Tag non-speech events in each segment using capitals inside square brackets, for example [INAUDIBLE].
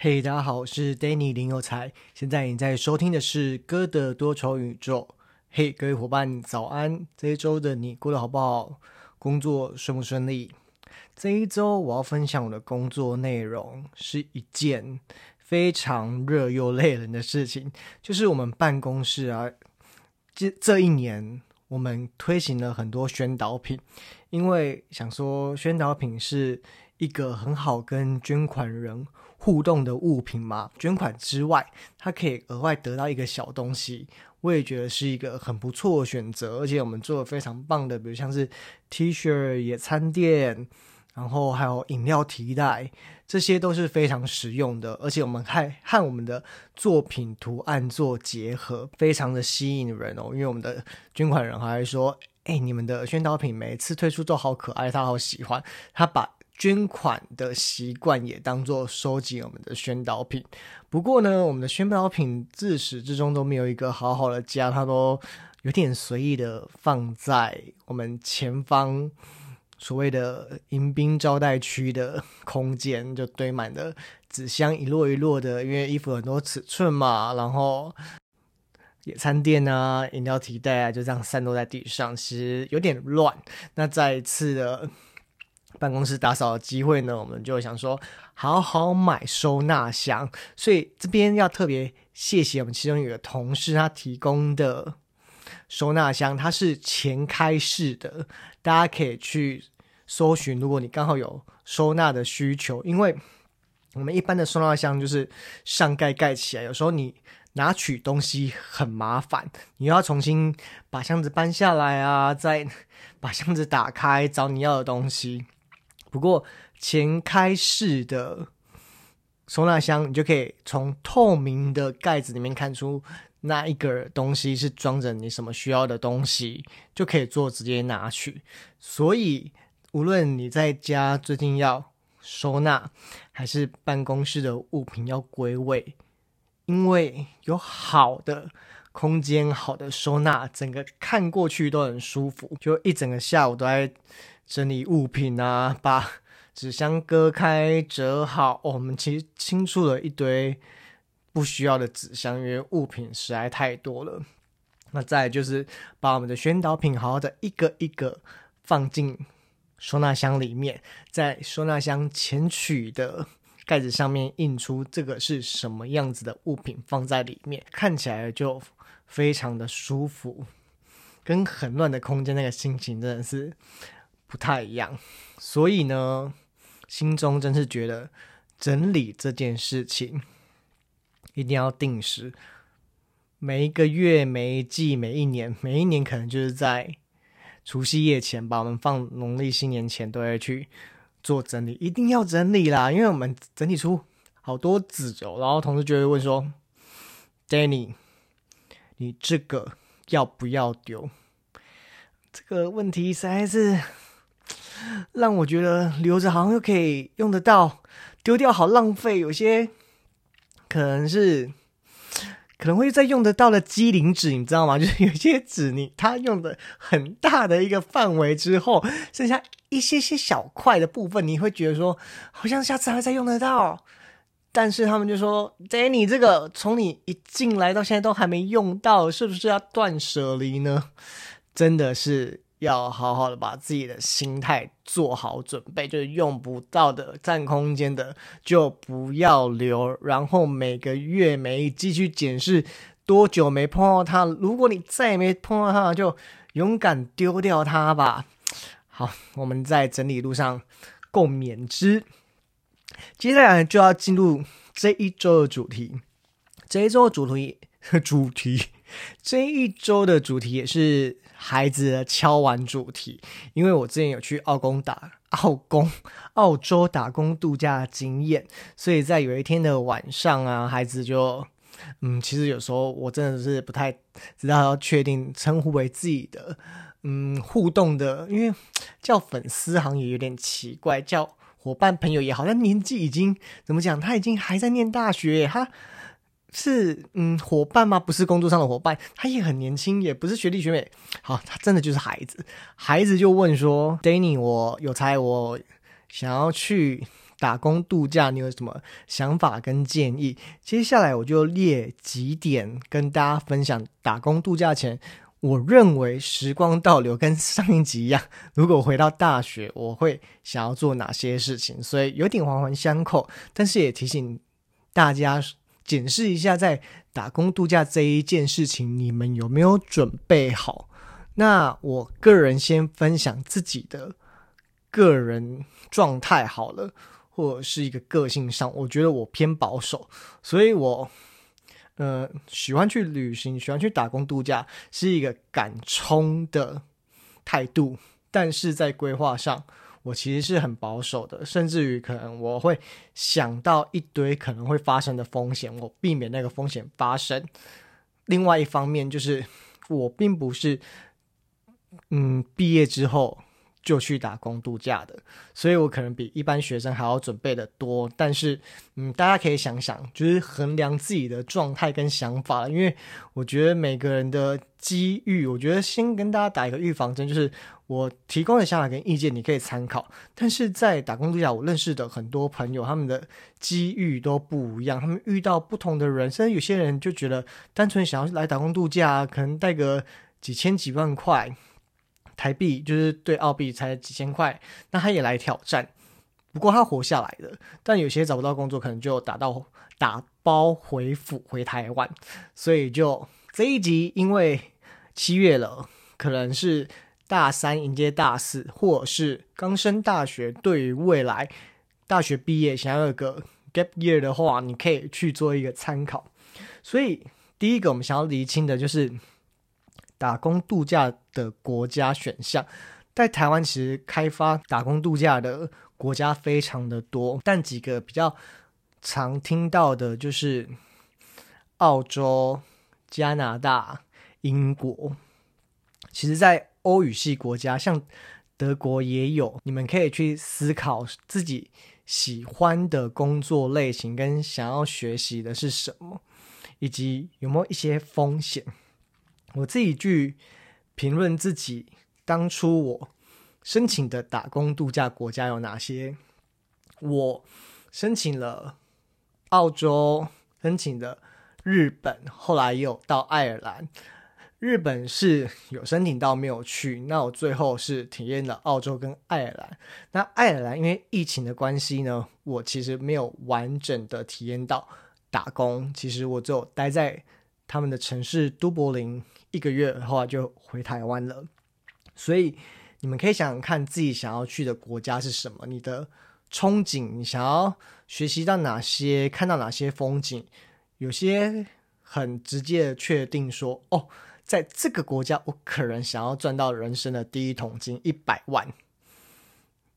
嘿，hey, 大家好，我是 Danny 林有才，現在你在收聽的是《哥的多重宇宙》。嘿、hey，各位夥伴，早安！這一周的你過得好不好？工作順不順利？這一周我要分享我的工作內容是一件非常熱又累人的事情，就是我們辦公室啊，這這一年我們推行了很多宣導品，因為想說宣導品是一個很好跟捐款人互動的物品嘛，捐款之外，他可以額外得到一個小東西，我也覺得是一個很不錯的選擇。而且我們做的非常棒的，比如像是 T 恤、野餐店，然後還有飲料提袋，這些都是非常實用的。而且我們還和我們的作品圖案做結合，非常的吸引人哦。因為我們的捐款人還說：“哎，你們的宣導品每次推出都好可愛，他好喜歡。”他把。捐款的習慣也當做收集我們的宣導品，不過呢，我們的宣導品自始至終都沒有一個好好的家，它都有點隨意的放在我們前方所謂的迎賓招待區的空間，就堆滿了紙箱一摞一摞的，因為衣服很多尺寸嘛，然後野餐墊啊、飲料提袋啊就這樣散落在地上，其實有點亂。那再一次的。辦公室打掃的機會呢，我們就想說好好買收納箱，所以這邊要特別謝謝我們其中一個同事他提供的收納箱，它是前開式的，大家可以去搜尋。如果你剛好有收納的需求，因為我們一般的收納箱就是上蓋蓋起來，有時候你拿取東西很麻煩，你要重新把箱子搬下來啊，再把箱子打開找你要的東西。不過，前開式的收納箱，你就可以從透明的蓋子裡面看出那一個東西是裝着你什麼需要的東西，就可以做直接拿取。所以，無論你在家最近要收納，還是辦公室的物品要歸位，因為有好的空間、好的收納，整個看過去都很舒服，就一整個下午都在。整理物品啊，把紙箱割開、折好。哦，我們其實清出了一堆不需要的紙箱，因為物品實在太多了。那再就是把我們的宣導品好好的一個一個放進收納箱裡面，在收納箱前取的蓋子上面印出這個是什麼樣子的物品放在裡面，看起來就非常的舒服，跟很亂的空間那個心情真的是，不太一樣，所以呢，心中真是覺得整理這件事情一定要定時，每一個月、每一季、每一年、每一年，可能就是在除夕夜前吧，把我們放農曆新年前都會去做整理，一定要整理啦，因為我們整理出好多紙哦。然後同事就會問說 [LAUGHS] ：“Danny，你這個要不要丟？”這個問題實在是。讓我覺得留着好像又可以用得到，丟掉好浪費。有些可能是可能會再用得到的機靈紙，你知道嗎？就是有些紙，你它用的很大的一個範圍之後，剩下一些些小塊的部分，你會覺得說好像下次還再用得到。但是他們就說：“哎，你這個從你一進來到現在都還沒用到，是不是要斷捨離呢？”真的是。要好好的把自己的心態做好準備，就是用不到的、佔空間的就不要留。然後每個月沒繼續檢視多久沒碰到它，如果你再也沒碰到它，就勇敢丟掉它吧。好，我們在整理路上共勉之。接下來就要進入這一周的主題，這一周的主題主題，這一周的主題也是孩子的敲碗主題，因為我之前有去澳工打、澳工、澳洲打工度假經驗，所以在有一天的晚上啊，孩子就，嗯，其實有時候我真的是不太知道要確定稱呼為自己的，嗯，互動的，因為叫粉絲好像也有點奇怪，叫夥伴、朋友也好，像年紀已經怎麼講，他已經還在念大學哈。是嗯，夥伴嗎？不是工作上的夥伴，他也很年輕，也不是學弟學妹。好，他真的就是孩子。孩子就問說：“Danny，我有才，我想要去打工度假，你有什麼想法跟建議？”接下來我就列幾點跟大家分享。打工度假前，我認為時光倒流，跟上一集一樣，如果我回到大學，我會想要做哪些事情？所以有點環環相扣，但是也提醒大家。檢視一下，在打工度假這一件事情，你們有沒有準備好？那我個人先分享自己的個人狀態好了，或者是一個個性上，我覺得我偏保守，所以我呃喜歡去旅行，喜歡去打工度假，是一個敢衝的態度，但是在規劃上。我其實是很保守的，甚至於可能我會想到一堆可能會發生的風險，我避免那個風險發生。另外一方面就是，我並不是嗯，畢業之後就去打工度假的，所以我可能比一般學生還要準備的多。但是，嗯，大家可以想想，就是衡量自己的狀態跟想法，因為我覺得每個人的機遇，我覺得先跟大家打一個預防針，就是。我提供的想法跟意見你可以參考，但是在打工度假，我認識的很多朋友，他們的機遇都不一樣，他們遇到不同的人，甚至有些人就覺得單純想要來打工度假，可能帶個幾千幾萬塊台幣，就是對澳幣才幾千塊，那他也來挑戰，不過他活下來了，但有些找不到工作，可能就打到打包回府回台灣，所以就這一集，因為七月了，可能是。大三迎接大四，或者是剛升大學，對於未來大學畢業想要有個 gap year 的話，你可以去做一個參考。所以，第一個我們想要釐清的就是打工度假的國家選項。在台灣，其實開發打工度假的國家非常的多，但幾個比較常聽到的就是澳洲、加拿大、英國。其實，在歐語系國家，像德國也有。你們可以去思考自己喜歡的工作類型跟想要學習的是什麼，以及有沒有一些風險。我自己去評論自己當初我申請的打工度假國家有哪些。我申請了澳洲，申請了日本，後來又到愛爾蘭。日本是有申請到沒有去，那我最後是體驗了澳洲跟愛爾蘭。那愛爾蘭因為疫情的關係呢，我其實沒有完整的體驗到打工。其實我只有待在他們的城市都柏林一個月，後來就回台灣了。所以你們可以想想看自己想要去的國家是什麼，你的憧憬，你想要學習到哪些，看到哪些風景。有些很直接的確定說，哦。在這個國家，我可能想要賺到人生的第一桶金一百萬。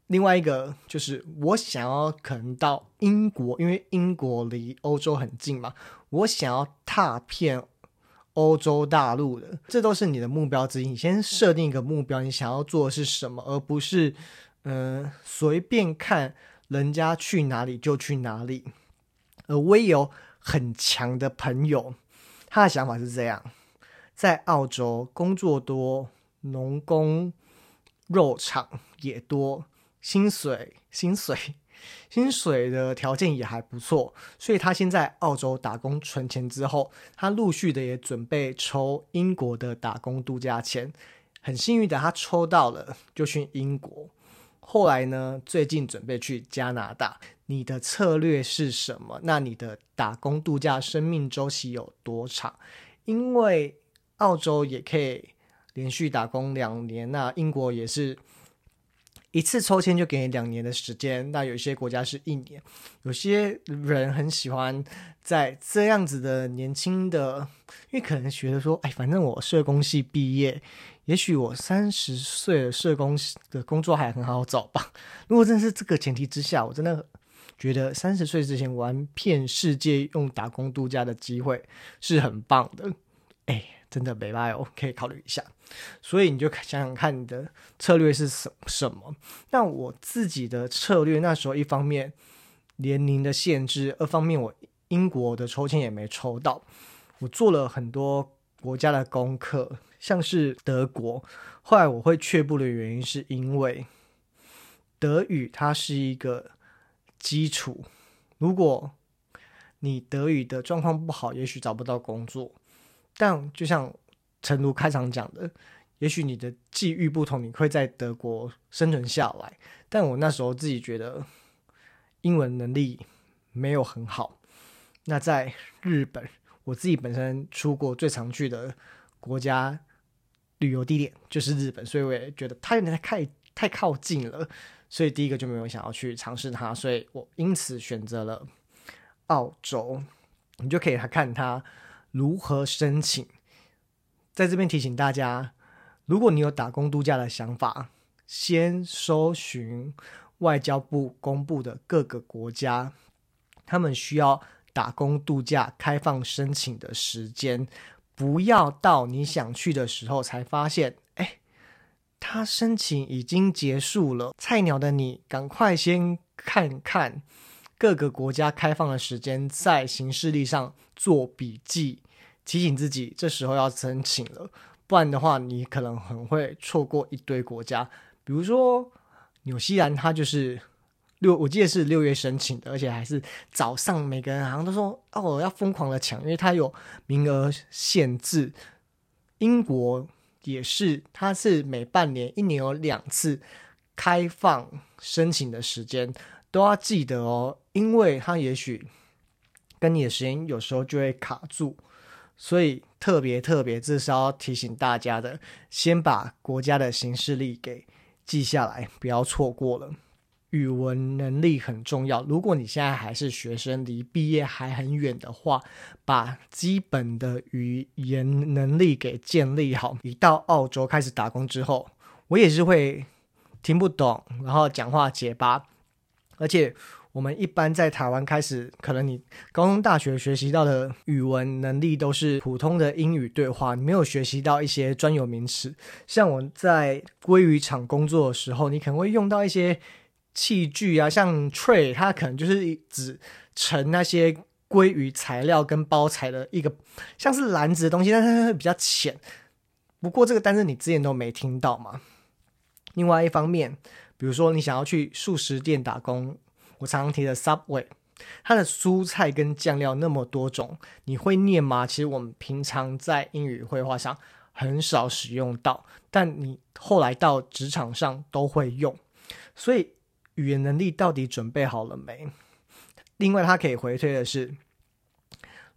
另外一個就是，我想要可能到英國，因為英國離歐洲很近嘛。我想要踏遍歐洲大陸的，這都是你的目標之一。你先設定一個目標，你想要做的是什麼，而不是嗯、呃，隨便看人家去哪裡就去哪裡。而我也有很強的朋友，他的想法是這樣。在澳洲工作多，農工肉廠也多，薪水薪水薪水的條件也還不錯，所以他先在澳洲打工存錢之後，他陸續的也準備抽英國的打工度假簽，很幸運的他抽到了，就去英國。後來呢，最近準備去加拿大，你的策略是什麼？那你的打工度假生命週期有多長？因為。澳洲也可以連續打工兩年，那英國也是一次抽籤就給你兩年的時間。那有些國家是一年。有些人很喜歡在這樣子的年輕的，因為可能覺得說，哎，反正我社工系畢業，也許我三十歲的社工的工作還很好找吧。如果真是這個前提之下，我真的覺得三十歲之前玩遍世界用打工度假的機會是很棒的，哎。真的沒辦法哦，可以考慮一下。所以你就想想看，你的策略是什什麼？那我自己的策略，那時候一方面年齡的限制，二方面我英國的抽籤也沒抽到。我做了很多國家的功課，像是德國。後來我會卻步的原因，是因為德語它是一個基礎。如果你德語的狀況不好，也許找不到工作。但就像成都開場講的，也許你的際遇不同，你會在德國生存下來。但我那時候自己覺得英文能力沒有很好。那在日本，我自己本身出國最常去的國家旅遊地點就是日本，所以我也覺得它有點太太，太靠近了，所以第一個就沒有想要去嘗試它。所以我因此選擇了澳洲，你就可以來看它，如何申請？在這邊提醒大家，如果你有打工度假的想法，先搜尋外交部公布的各個國家，他們需要打工度假開放申請的時間，不要到你想去的時候才發現，哎，他申請已經結束了。菜鳥的你，趕快先看看。各個國家開放的時間，在行事曆上做筆記，提醒自己這時候要申請了，不然的話你可能很會錯過一堆國家。比如說，紐西蘭它就是六，我記得是六月申請的，而且還是早上，每個人好像都說哦，要瘋狂的搶，因為它有名額限制。英國也是，它是每半年，一年有兩次開放申請的時間。都要記得哦，因為他也許跟你的時間有時候就會卡住，所以特別特別這是要提醒大家的，先把國家的形勢力給記下來，不要錯過了。語文能力很重要，如果你現在還是學生，離畢業還很遠的話，把基本的語言能力給建立好。一到澳洲開始打工之後，我也是會聽不懂，然後講話結巴。而且，我們一般在台灣開始，可能你高中、大學學習到的語文能力都是普通的英語對話，你沒有學習到一些專有名詞。像我在鮭魚廠工作的時候，你可能會用到一些器具啊，像 tray，它可能就是指盛那些鮭魚材料跟包材的一個像是籃子的東西，但是它會比較淺。不過這個單字你之前都沒聽到嘛。另外一方面。比如說，你想要去素食店打工，我常常提的 Subway，它的蔬菜跟醬料那麼多種，你會念嗎？其實我們平常在英語會話上很少使用到，但你後來到職場上都會用，所以語言能力到底準備好了沒？另外，它可以回推的是，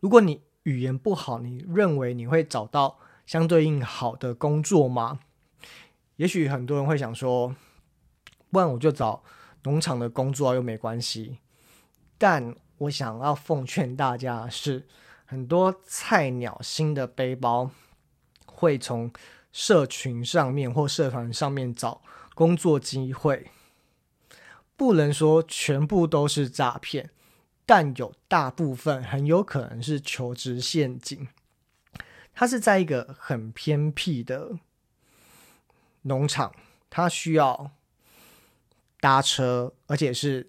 如果你語言不好，你認為你會找到相對應好的工作嗎？也許很多人會想說，不然我就找農場的工作，啊，又沒關係，但我想要奉勸大家的是，很多菜鳥新的背包會從社群上面或社團上面找工作機會，不能說全部都是詐騙，但有大部分很有可能是求職陷阱。他是在一個很偏僻的農場，他需要。搭車，而且是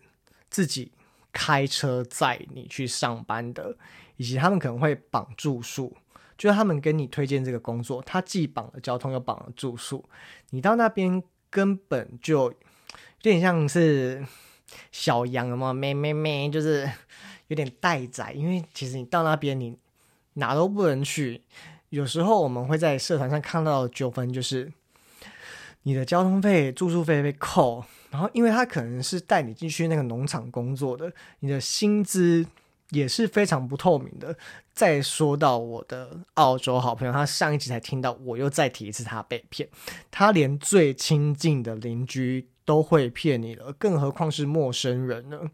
自己開車載你去上班的，以及他們可能會綁住宿，就他們跟你推薦這個工作，他既綁了交通又綁了住宿，你到那邊根本就有點像是小羊的貓咩咩咩，就是有點待宰，因為其實你到那邊你哪都不能去。有時候我們會在社團上看到的糾紛，就是你的交通費、住宿費被扣，然後，因為他可能是帶你進去那個農場工作的，你的薪資也是非常不透明的。再說到我的澳洲好朋友，他上一集才聽到我又再提一次他被騙，他連最親近的鄰居都會騙你了，更何況是陌生人呢？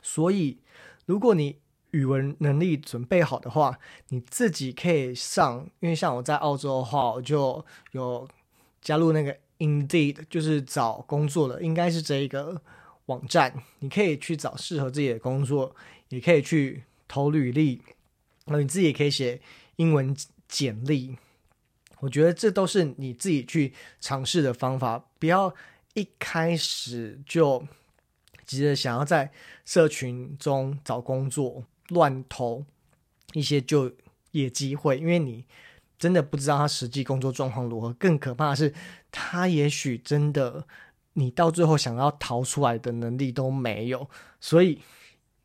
所以，如果你語文能力準備好的話，你自己可以上。因為像我在澳洲的話，我就有加入那個。Indeed，就是找工作的，應該是這一個網站。你可以去找適合自己的工作，也可以去投履歷。那你自己也可以寫英文簡歷。我覺得這都是你自己去嘗試的方法，不要一開始就急着想要在社群中找工作，亂投一些就業機會，因為你真的不知道他實際工作狀況如何。更可怕的是。他也許真的，你到最後想要逃出來的能力都沒有，所以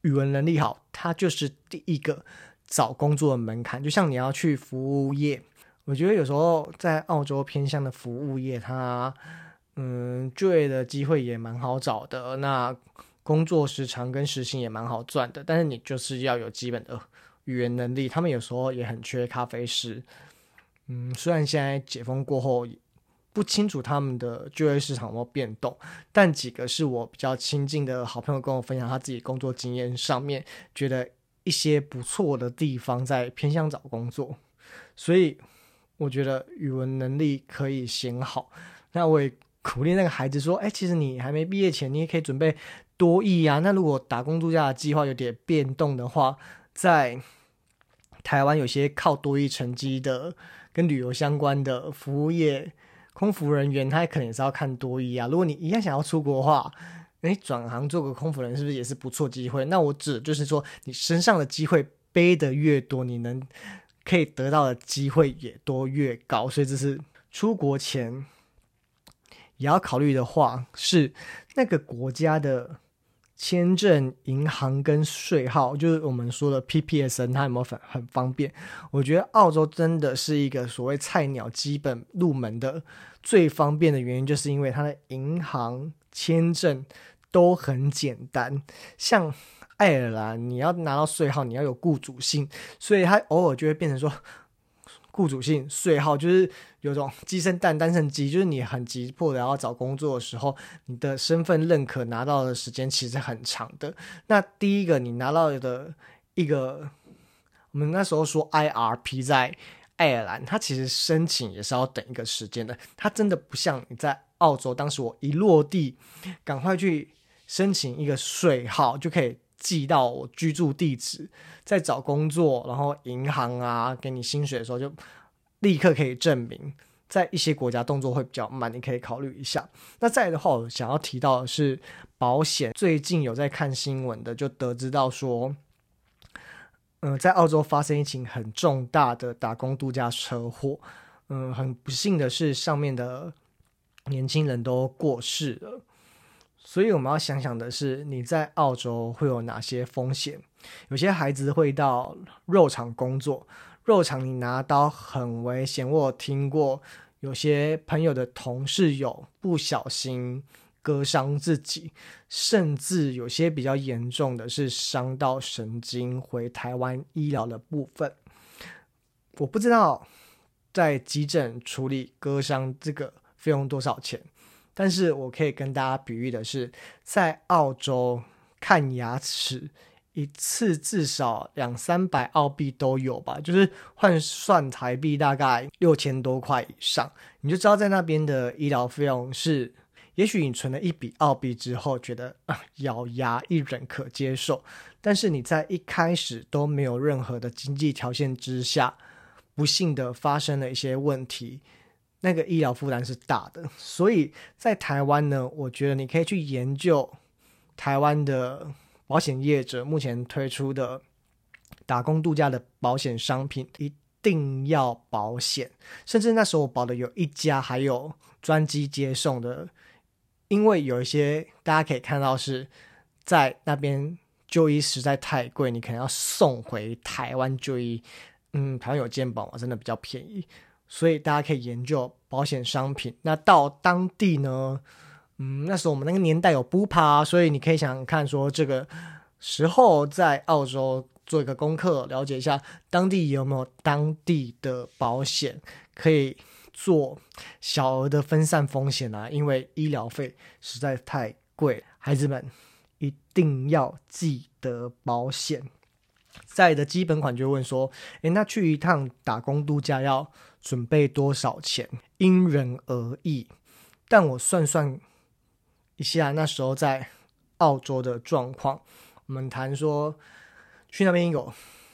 語文能力好，它就是第一個找工作的門檻。就像你要去服務業，我覺得有時候在澳洲偏向的服務業，它嗯，就業的機會也蠻好找的，那工作時長跟時薪也蠻好賺的，但是你就是要有基本的語言能力。他們有時候也很缺咖啡師，嗯，雖然現在解封過後。不清楚他們的就業市場有沒有變動，但幾個是我比較親近的好朋友跟我分享他自己工作經驗上面，覺得一些不錯的地方在偏向找工作，所以我覺得語文能力可以先好，那我也鼓勵那個孩子說，哎，其實你還沒畢業前，你也可以準備多益啊。那如果打工度假的計劃有點變動的話，在台灣有些靠多益成績的跟旅遊相關的服務業。空服人員，他也可能也是要看多一啊。如果你一樣想要出國的話，你轉行做個空服人是不是也是不錯機會？那我指就是說，你身上的機會背得越多，你能可以得到的機會也多越高。所以這是出國前也要考慮的話，是那個國家的。簽證、銀行跟稅號，就是我們說的 PPSN，它有沒有很方便？我覺得澳洲真的是一個所謂菜鳥基本入門的最方便的原因，就是因為它的銀行簽證都很簡單。像愛爾蘭，你要拿到稅號，你要有雇主信，所以它偶爾就會變成說。僱主性稅號就是有種雞生蛋，蛋生雞，就是你很急迫的要找工作的時候，你的身份認可拿到的時間其實很長的。那第一個你拿到的一個，我們那時候說 IRP 在愛爾蘭，它其實申請也是要等一個時間的。它真的不像你在澳洲，當時我一落地，趕快去申請一個稅號就可以。寄到居住地址，再找工作，然後銀行啊給你薪水的時候就立刻可以證明。在一些國家動作會比較慢，你可以考慮一下。那再來的話，我想要提到的是保險，最近有在看新聞的就得知到說，嗯、呃，在澳洲發生一起很重大的打工度假車禍，嗯、呃，很不幸的是上面的年輕人都過世了。所以我們要想想的是，你在澳洲會有哪些風險？有些孩子會到肉廠工作，肉廠你拿刀很危險。我有聽過有些朋友的同事有不小心割傷自己，甚至有些比較嚴重的是傷到神經。回台灣醫療的部分，我不知道在急診處理割傷這個費用多少錢。但是我可以跟大家比喻的是，在澳洲看牙齒一次至少兩三百澳幣都有吧，就是換算台幣大概六千多塊以上，你就知道在那邊的醫療費用是，也許你存了一筆澳幣之後覺得，呃，咬牙一忍可接受，但是你在一開始都沒有任何的經濟條件之下，不幸的發生了一些問題。那個醫療負擔是大的，所以在台灣呢，我覺得你可以去研究台灣的保險業者目前推出的打工度假的保險商品，一定要保險。甚至那時候我保的有一家還有專機接送的，因為有一些大家可以看到是在那邊就醫實在太貴，你可能要送回台灣就醫。嗯，台灣有健保，真的比較便宜。所以大家可以研究保險商品。那到當地呢？嗯，那時候我們那個年代有 Bupa、啊，所以你可以想，想看說這個時候在澳洲做一個功課，了解一下當地有沒有當地的保險可以做小額的分散風險啊？因為醫療費實在太貴。孩子們一定要記得保險在的基本款，就問說：誒、欸，那去一趟打工度假要準備多少錢，因人而異。但我算算一下，那時候在澳洲的狀況，我們談說去那邊有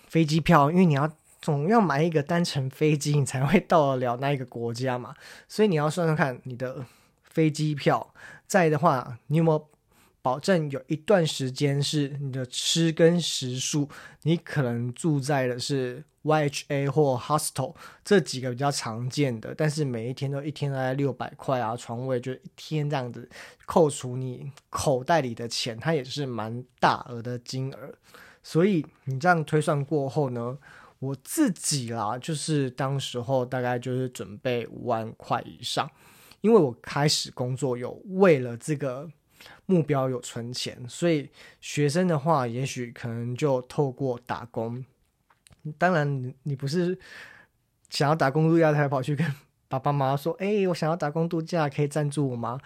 飛機票，因為你要總要買一個單程飛機，你才會到得了那一個國家嘛。所以你要算算看，你的飛機票在的話，你有沒有保證有一段時間是你的吃跟食宿？你可能住在的是，YHA 或 Hostel 這幾個比較常見的，但是每一天都一天大概六百塊啊，床位就一天這樣子，扣除你口袋裡的錢，它也是蠻大額的金額。所以你這樣推算過後呢，我自己啦，就是當時候大概就是準備五萬塊以上，因為我開始工作有為了這個目標有存錢，所以學生的話，也許可能就透過打工。當然，你不是想要打工度假才跑去跟爸爸媽媽說：“哎、欸，我想要打工度假，可以贊助我嗎？”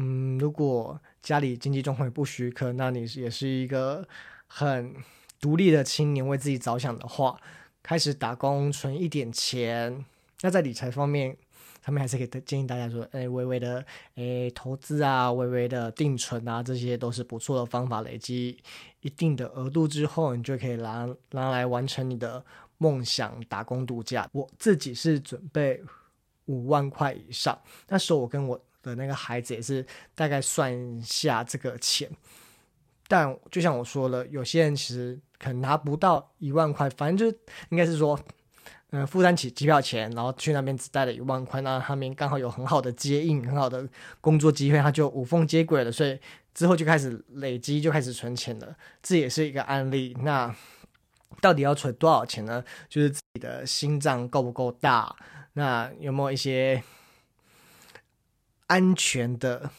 嗯，如果家裡經濟狀況也不許可，那你也是一個很獨立的青年，為自己着想的話，開始打工存一點錢。那在理財方面，他們還是可以建議大家說：“哎、欸，微微的哎、欸、投資啊，微微的定存啊，這些都是不錯的方法累，累積。”一定的額度之後，你就可以拿拿來完成你的夢想打工度假。我自己是準備五萬塊以上，那時候我跟我的那個孩子也是大概算一下這個錢。但就像我說了，有些人其實可能拿不到一萬塊，反正就應該是說，嗯、呃，負擔起機票錢，然後去那邊只帶了一萬塊，那他們剛好有很好的接應，很好的工作機會，他就無縫接軌了，所以。之後就開始累積，就開始存錢了。這也是一個案例。那到底要存多少錢呢？就是自己的心臟夠不夠大？那有沒有一些安全的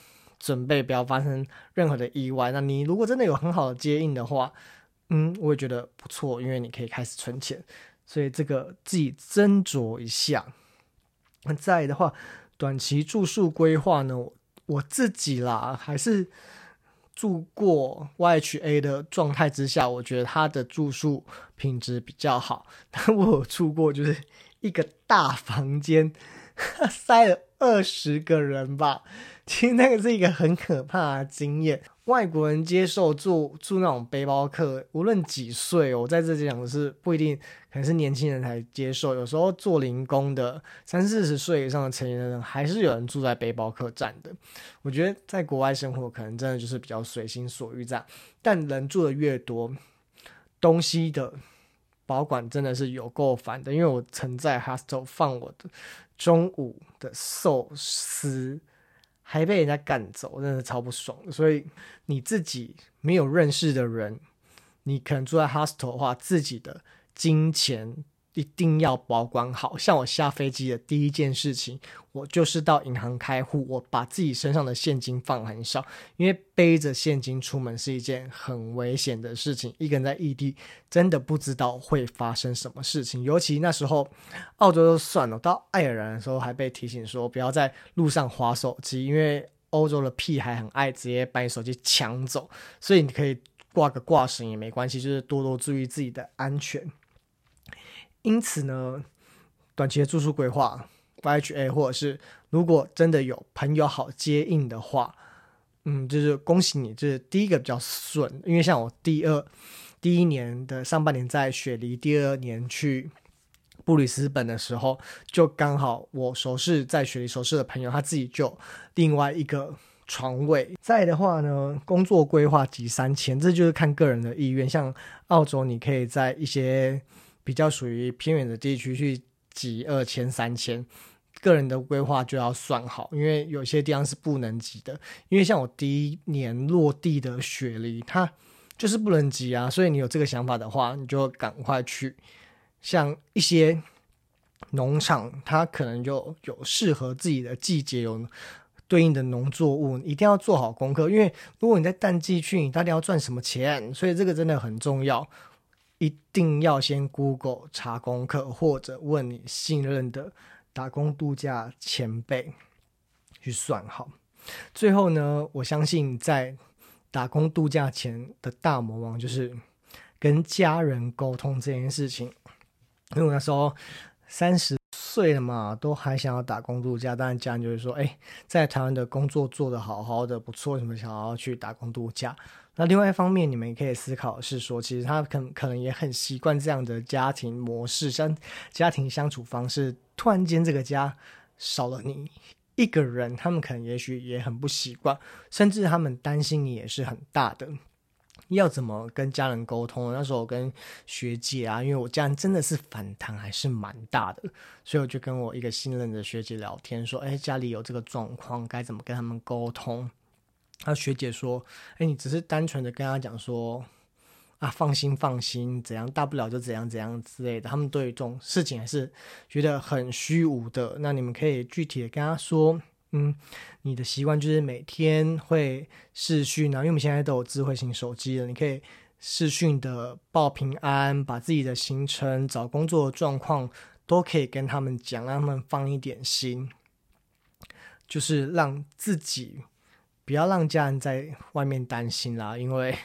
準備，不要發生任何的意外？那你如果真的有很好的接應的話，嗯，我也覺得不錯，因為你可以開始存錢。所以這個自己斟酌一下。再的話，短期住宿規劃呢，我自己啦還是。住過 YHA 的狀態之下，我覺得他的住宿品質比較好。但我有住過，就是一個大房間，哈哈塞了。二十個人吧，其實那個是一個很可怕的經驗。外國人接受住住那種背包客，無論幾歲，哦，我在這邊講的是不一定，可能是年輕人才接受。有時候做零工的三四十歲以上的成年人，還是有人住在背包客棧的。我覺得在國外生活，可能真的就是比較隨心所欲這樣。但人住的越多，東西的。保管真的是有夠煩的，因為我曾在 hostel 放我的中午的壽司，還被人家趕走，真的超不爽的。所以你自己沒有認識的人，你可能住在 hostel 的話，自己的金錢。一定要保管好，像我下飛機的第一件事情，我就是到銀行開戶。我把自己身上的現金放很少，因為背着現金出門是一件很危險的事情。一個人在異地，真的不知道會發生什麼事情。尤其那時候，澳洲就算了，到愛爾蘭的時候還被提醒說不要在路上滑手機，因為歐洲的屁孩很愛直接把你手機搶走。所以你可以掛個掛繩也沒關係，就是多多注意自己的安全。因此呢，短期的住宿規劃，YHA 或者是如果真的有朋友好接應的話，嗯，就是恭喜你，就是第一個比較順。因為像我第二第一年的上半年在雪梨，第二年去布里斯本的時候，就剛好我熟識在雪梨熟識的朋友，他自己就另外一個床位。再的話呢，工作規劃及三千，這就是看個人的意願。像澳洲，你可以在一些。比較屬於偏遠的地區去擠二千三千，3000, 個人的規劃就要算好，因為有些地方是不能擠的。因為像我第一年落地的雪梨，它就是不能擠啊。所以你有這個想法的話，你就趕快去。像一些農場，它可能就有適合自己的季節，有對應的農作物，一定要做好功課。因為如果你在淡季去，你到底要賺什麼錢？所以這個真的很重要。一定要先 Google 查功課，或者問你信任的打工度假前輩去算好。最後呢，我相信在打工度假前的大魔王就是跟家人溝通這件事情。因為我那時候三十歲了嘛，都還想要打工度假，但是家人就是說：“誒，在台灣的工作做得好好的，不錯，為什麼想要去打工度假？”那另外一方面，你們也可以思考是說，其實他可可能也很習慣這樣的家庭模式，像家庭相處方式。突然間，這個家少了你一個人，他們可能也許也很不習慣，甚至他們擔心你也是很大的。要怎麼跟家人溝通？那時候我跟學姐啊，因為我家人真的是反彈還是蠻大的，所以我就跟我一個信任的學姐聊天，說：“哎，家裡有這個狀況，該怎麼跟他們溝通？”他、啊、學姐說：“哎、欸，你只是單純的跟他講說啊，放心放心，怎樣大不了就怎樣怎樣之類的。他們對這種事情還是覺得很虛無的。那你們可以具體的跟他說，嗯，你的習慣就是每天會視訊、啊，因為我們現在都有智慧型手機了，你可以視訊的報平安，把自己的行程、找工作狀況都可以跟他們講，讓他們放一點心，就是讓自己。”不要讓家人在外面擔心啦，因為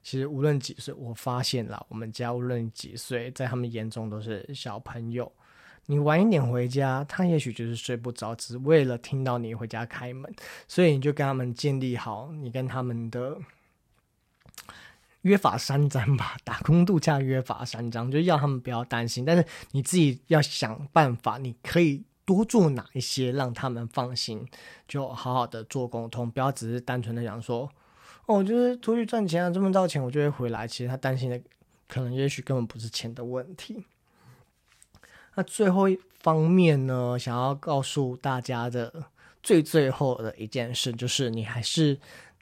其實無論幾歲，我發現了我們家無論幾歲，在他們眼中都是小朋友。你晚一點回家，他也許就是睡不着，只是為了聽到你回家開門。所以你就跟他們建立好你跟他們的約法三章吧，打工度假約法三章，就是要他們不要擔心，但是你自己要想辦法，你可以。多做哪一些讓他們放心，就好好的做溝通，不要只是單純的講說，哦，就是出去賺錢啊，賺不到錢我就會回來。其實他擔心的，可能也許根本不是錢的問題。那最後一方面呢，想要告訴大家的最最後的一件事，就是你還是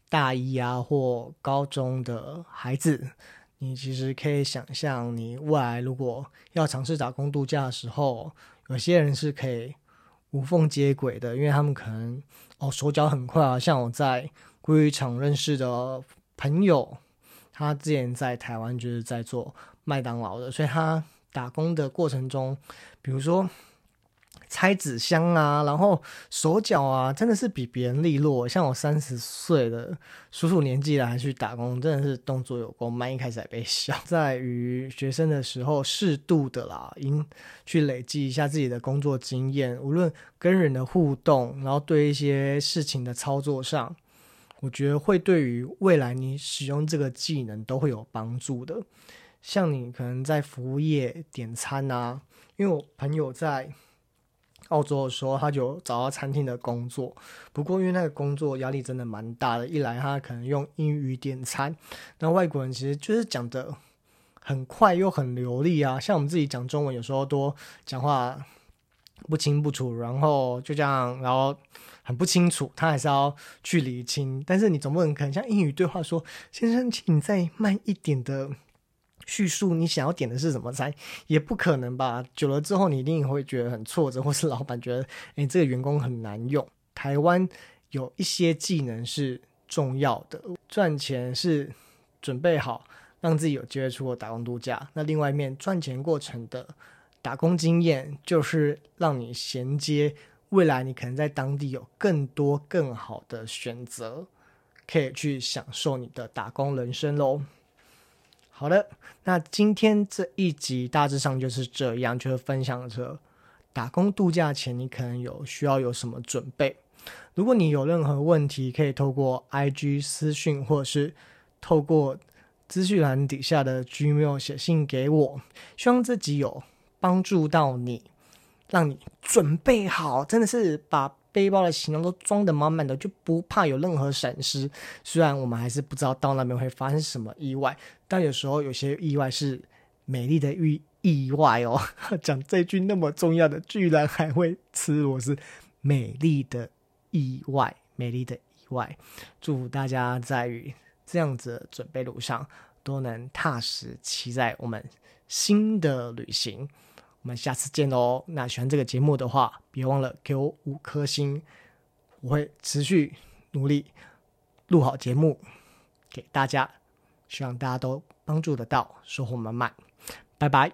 大一啊或高中的孩子，你其實可以想象，你未來如果要嘗試打工度假的時候。有些人是可以無縫接軌的，因為他們可能哦手腳很快啊，像我在鮭魚場認識的朋友，他之前在台灣就是在做麥當勞的，所以他打工的過程中，比如說。拆紙箱啊，然後手腳啊，真的是比別人利落。像我三十歲的叔叔年紀了還去打工，真的是動作有夠慢，一開始還被笑，在於學生的時候適度的啦，應去累積一下自己的工作經驗。無論跟人的互動，然後對一些事情的操作上，我覺得會對於未來你使用這個技能都會有幫助的。像你可能在服務業點餐啊，因為我朋友在。澳洲的時候，他就找到餐廳的工作，不過因為那個工作壓力真的蠻大的，一來他可能用英語點餐，那外國人其實就是講的很快又很流利啊，像我們自己講中文有時候多講話不清不楚，然後就這樣，然後很不清楚，他還是要去理清，但是你總不能可能像英語對話說，先生，請你再慢一點的。敘述你想要點的是什麼菜，也不可能吧？久了之後，你一定會覺得很挫折，或是老闆覺得，哎，這個員工很難用。台灣有一些技能是重要的，賺錢是準備好讓自己有機會出國打工度假。那另外一面，賺錢過程的打工經驗，就是讓你銜接未來，你可能在當地有更多更好的選擇，可以去享受你的打工人生嘍。好的，那今天這一集大致上就是這樣，就是分享着打工度假前你可能有需要有什麼準備。如果你有任何問題，可以透過 IG 私訊或者是透過資訊欄底下的 Gmail 寫信給我。希望這集有幫助到你，讓你準備好，真的是把。背包的行囊都裝得滿滿的，就不怕有任何閃失。雖然我們還是不知道到那邊會發生什麼意外，但有時候有些意外是美麗的遇意外哦。講這句那麼重要的，居然還會吃螺絲，是美麗的意外，美麗的意外。祝福大家在這樣子的準備路上，都能踏實期待我們新的旅行。我們下次見哦，那喜歡這個節目的話，別忘了給我五顆星，我會持續努力錄好節目給大家，希望大家都幫助得到，收穫滿滿，拜拜。